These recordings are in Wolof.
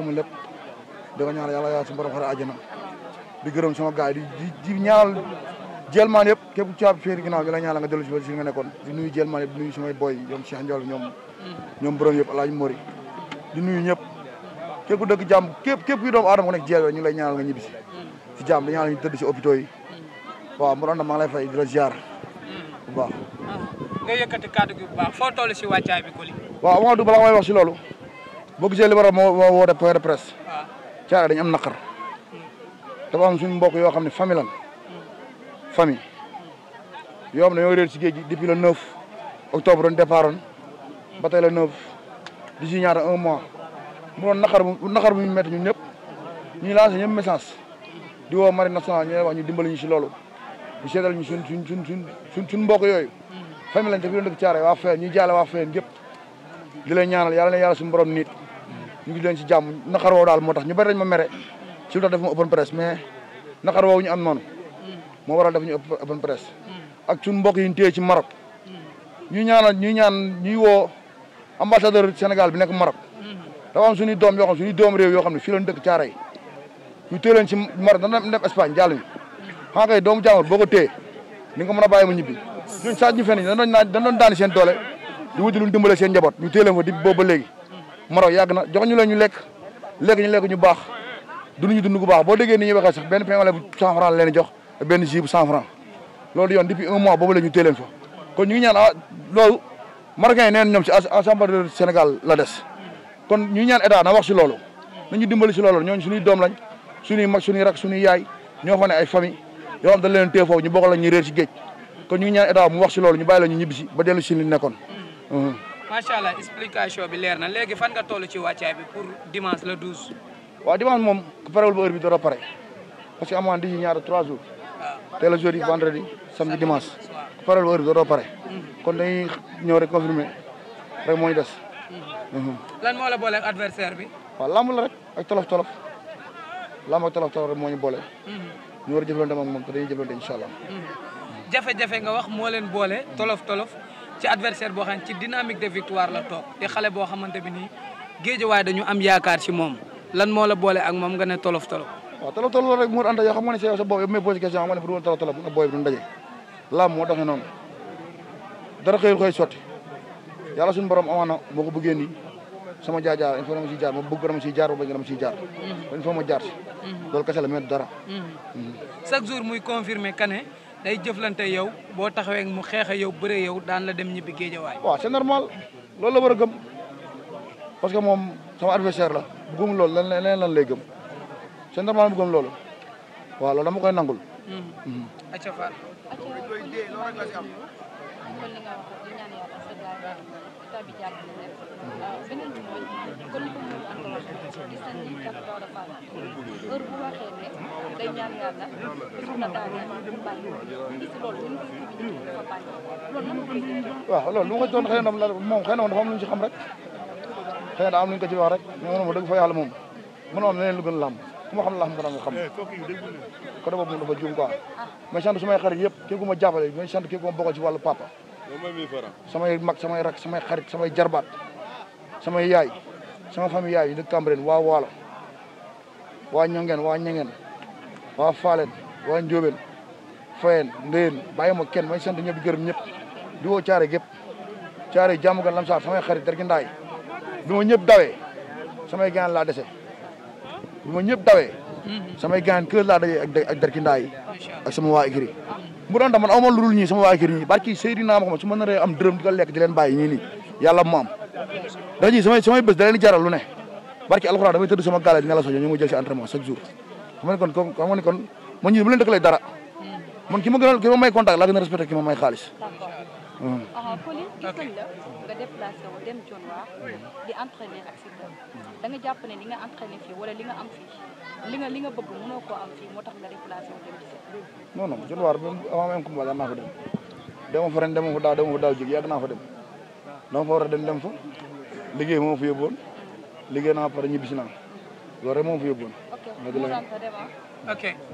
sama lepp di ko ñaanal yalla yàlla sama borom xara aljana di gërëm sama gaay di di ñaanal jelmaan yëpp képp ci ab fiir ginaaw bi la ñaanal nga delu ci si nga nekkon di nuyu jelmaan yëpp di nuyu sama boy ñom Cheikh Ndiol ñom ñom borom yépp alaaji Mori di nuyu ñëpp képp dëgg jamm képp képp yu doom adam ko nek jël ñu lay ñaanal nga ñibi ci si jàmm di ñaanal ñu tedd ci hôpital yi waaw mu ronda ma lay fay di la ziar bu baax nga yëkëti kaddu gi bu baax fo tollu ci waccay bi ko li waaw Amadou bala may wax ci lolu boo gisee li war a moo moo woote point de presse. caare dañu am naqar. dafa am suñu mbokk yoo xam ne famille lan. famille. yoo ñoo réer ci géej gi depuis le 9 octobre doon départ woon ba tey le 9 di si ñaata un mois mu doon naqar bu naqar bu ñu métti ñun ñëpp ñu lancé ñëpp message di woo marine nationale ñu wax ñu dimbali ñu si loolu ñu seetal ñu suñ suñ suñ suñ suñ mbokk yooyu. famille lañ te fi doon def waa Feen ñu jaale waa Feen yëpp di leen ñaanal yàlla yàlla suñu borom nit. ñu ngi leen ci jàmm naqar woowu daal moo tax ñu bari dañ ma mere ci lu tax def ma open press mais naqar woowu ñu am noonu moo waral def ñu open press ak suñ mbokk yi ñu téye ci Maroc ñu ñaan ñu ñaan ñuy woo ambassadeur Sénégal bi nekk Maroc dafa am suñuy doom yoo xam suñuy doom réew yoo xam ne fii lañ dëkk caara yi ñu téye leen ci Maroc dana dem Espagne jàll ñu xanaa kay doomu jàmbur boo ko téye ni nga mën a bàyyi mu ñibbi ñun saaj ñu fen dañ doon daan seen doole di wuti luñ dimbale seen njaboot ñu téye leen fa di boobu léegi Maroc yàgg na jox ñu la ñu lekk lekk ñu lekk ñu baax du ñu dund gu baax boo déggee ni ñuy waxee sax benn pain wala bu cent franc leen jox benn jus bu cent franc loolu yoon depuis un mois boobu la ñu téeleen fa kon ñu ngi ñaan ah loolu marocains yi neen ñoom ci assemblée Sénégal la des kon ñu ñaan état na wax si loolu ñu dimbali si loolu ñooñu suñuy doom lañ suñuy mag suñuy rak suñuy yaay ñoo fa ne ay famille yoo xam dañ leen téye foofu ñu bokk la ñu réer si géej kon ñu ngi ñaan état mu wax si loolu ñu bàyyi la ñu ñibbi si ba dellu si li nekkoon macha allah explication bi leer na léegi fan nga toll ci wàccaay bi pour dimanche le 12. waaw dimanche moom parewul ba heure bi dara pare parce que amoon di ñaar trois jours. waaw ah. teel a jeudi vendredi samedi dimanche. waaw parewul ba heure bi dara pare. Mhm. kon dañuy ñëw rek confirmer rek moo des. Mhm. Mhm. lan moo boole ak adversaire bi. waaw lamb la rek ak tolof tolof lamb ak tolof tolof rek moo ñu boole. ñu war a moom te dañuy jëflante incha allah. jafe-jafe nga wax moo leen boole tolof tolof. ci adversaire boo xam ne ci dynamique de victoire la xale boo xamante bi nii géejawaay dañu am yaakaar ci moom lan moo la boole ak moom nga ne tolof tolof. waaw tolof tolof rek Mour Anta yoo xam nga ne si yow sa bopp yow may posé question xam nga ne fu doon tolof tolof nga booy bi duñ daje moo doxee noonu dara xëyul koy sotti yàlla suñu borom amaana moo ko bëggee nii sama jaajaar il faut dama siy jaar ma bëgg dama siy jaar ba bañ dama siy jaar. Mhm. il faut ma jaar si. Mhm. loolu kese la mais dara. Mhm. chaque jour muy confirmer que day jëflante yow boo taxawee mu xeex a yow bëree yow daan la dem ñibbi géejawaay. waaw c'est normal loolu la war a gëm parce que moom sama adversaire la bu gëm loolu lan leneen lan lay gëm c'est normal mu gëm loolu waaw loolu dama koy nangul. Mm-hmm. Mm-hmm. état bi jàpp na leen euh, beneen bi mooy comme loolu ñu lu nga doon xëy na moom xëy moom dafa am lu ñu ci xam rek xëy na am lu ñu ko ci wax rek mais moom dëgg fa yàlla moom am leneen lu gën làmb ku xam làmb ko da nga xam eh, ko da boobu dafa juum quoi ah. mais sant su may xarit yëpp képp ku ma jàppale mais sant képp ku ma bokkal ci wàllu papa samay mag samay rak samay xarit samay jarbaat samay yaay sama famille yaay yu dëkk Cambérène waa Waalo waa Ñongeen waa Ñengeen waa Faaleen waa Njóobeen Fayeen Ndeyeen bàyyi ma kenn may sant ñëpp sama gërëm ñëpp di woo caare gépp caare jàmm gan lamsaar samay xarit dargi ndaay bi ma ñëpp dawee samay gaan laa dese bi ma ñëpp mhm. samay gaan kër laa dajee ak darki ndaay ak sama waa écrit bu doon dama amul lu dul sama waakir kër ñii barki Seydina re am deureum kali lek di len bàyyi ñii ni yalla mo am dañi sama sama bés da len jaral lu ne barki alcorane damay teud sama gàlle di nelaw soñu ñu jël ci entraînement chaque jour xam kon xam nga kon mo ñu bu dekk lay dara man ki ma gënal ki ma may contact la gëna respecté ki ma may xaaliss hmm. Ah, di li nga li nga bëgg mënoo koo am fii moo tax nga déplacé wu dem ci fii. non non Dionewar dem fa ren fa daaw jóg yàgg naa fa dem dama fa war fa liggéey moo fa yóbbuwoon liggéey naa pare ñibbisi naa loolu rek moo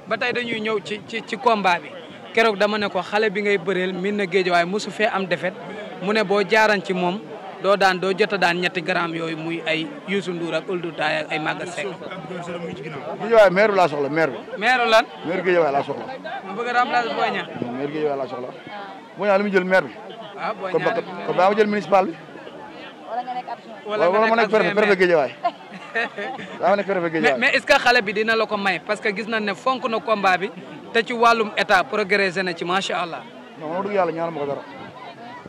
fa dañuy ñëw ci ci ci combat bi keroog dama ne ko xale bi ngay bëreel mi na géej waaye mosu fee am defet mu ne boo jaaran ci moom. doo daan doo jot daan ñetti garaam yooyu muy ay Youssou Ndour ak Ould ay Maguette Seck. Guédiawaye maire bi laa soxla maire bi. lan. maire Guédiawaye laa soxla. mu bëgg a remplacer Boy Niang. laa soxla. Boy Niang li mu jël maire bi. waaw ah, Boy Niang kon kon jël municipal bi. wala nga ma nekk préfet préfet Guédiawaye. daa ma nekk mais est-ce que xale bi dina la ko may parce que gis nañ ne fonk na combat bi te ci wàllum état progressé na ci macha allah. non man ma dugg yàlla ñaan ma ko dara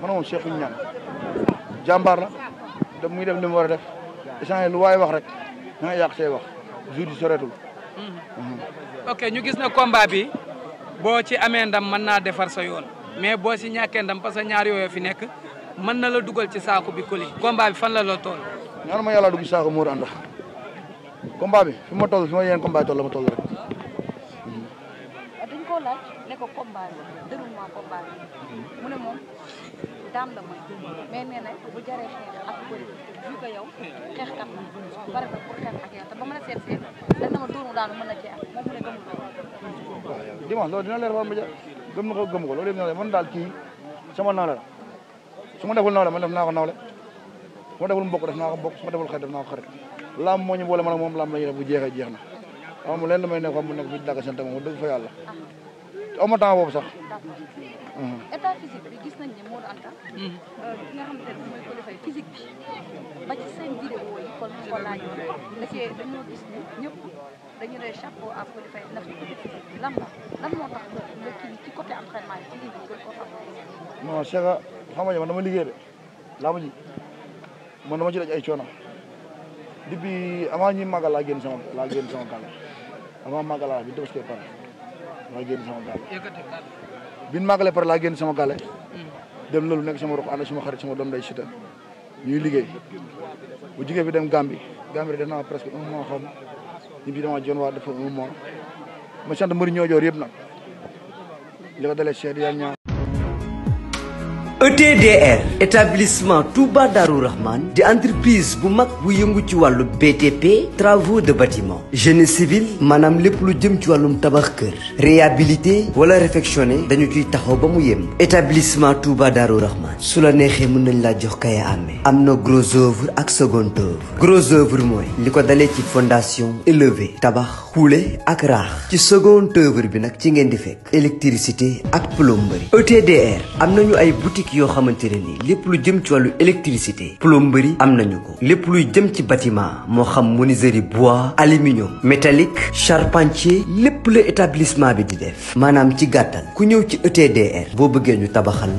man moom Cheikh ñaan jàmbaar la da muy def li mu war a def échange lu waay wax rek na nga yàq say wax jour yi soreetul mhm. ok ñu gis na combat bi boo ci amee ndam mën naa defar sa yoon mais boo si ñàkkee ndam parce que ñaar yooyu fi nekk mën na la dugal ci saako bi koli combat fan la la toll ñaan ma yàlla dugg saako muur ànda combat bi fi ma toll fi ma yéen combat la ma toll rek mhm. daam la mooy mais nee na bu jaree xeex ak bëri na pour xeex ak a seet seet na ma loolu dina leer war ma ja gëm na ko gëm ko loolu yëpp dina la su ma naa ko nawle su ma deful mbokk def naa ko mbokk su ma deful xarit def naa ko xarit lamb moo boole man ak moom lamb la bu jeexee jeex na amul leen damay nekk xam mu nekk fi dàgg seen moom dëgg fa yàlla ah. aw ma boobu sax Mm-hmm. état physique bi gis nañ ne Modou Anta. Mm-hmm. Euh, ki bi ba ci seen vidéo yi kon ko laajoon da cee dañoo moo tax nga kii ci côté entraînement yi ci ligne bi ko xam. non c'est que xam nga man dama liggéey de laamu ji man dama ci daj ay coono depuis avant ñuy màggal laa génn sama laa génn sama kàlla avant laa bi déglu si pare. maa génn sama gàlle bin màggale par laa génn sama gàlle hmm. dem loolu nekk sama rox ànd sama xarit sama doom day sita ñuy liggéey bu jigéen bi dem Gambie Gambie def naa presque un mois xam ñi bi dama jon waa dafa un mois ma sant mbëri ñoo joor yëpp nag li ko dalee Cheikh Yane Niang ETDR établissement Touba Darou Rahman de entreprise bu mag le BTP travaux de bâtiment génie civil madame lépp lu jëm ci réhabilité voilà réfectionné dañu outil taxaw établissement Touba Darou Rahman su la neexee mën nañ laa jox kaye àmme am na gros œuvre ak second œuvre gros œuvre mooy li ko dalee ci fondation élevé tabax xuule ak raax ci second œuvre bi nag ci ngeen di fekk électricité ak plomberie ETDR am na ñu ay boutique yoo xamante ne nii lépp lu jëm ci wàllu électricité plomberie am nañu ko lépp luy jëm ci bâtiment moo xam menuiserie bois aluminium métallique charpentier lépp la établissement bi di def maanaam ci gàttal ku ñëw ci ETDR boo bëggee ñu tabaxal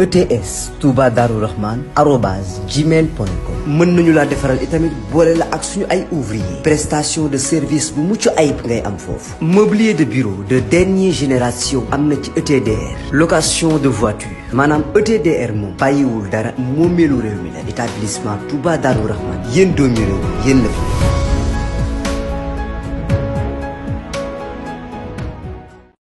ETS Touba Darou Rahman gmail.com mën nañu la boole la ak suñu ay ouvrier prestation de service bu mucc ayib ngay am mobilier de bureau de dernière génération am ci ETDR location de voiture Madame ETDR mon bàyyiwul dara moomeelu réew mi la établissement Touba Darou Rahman yéen doomi réew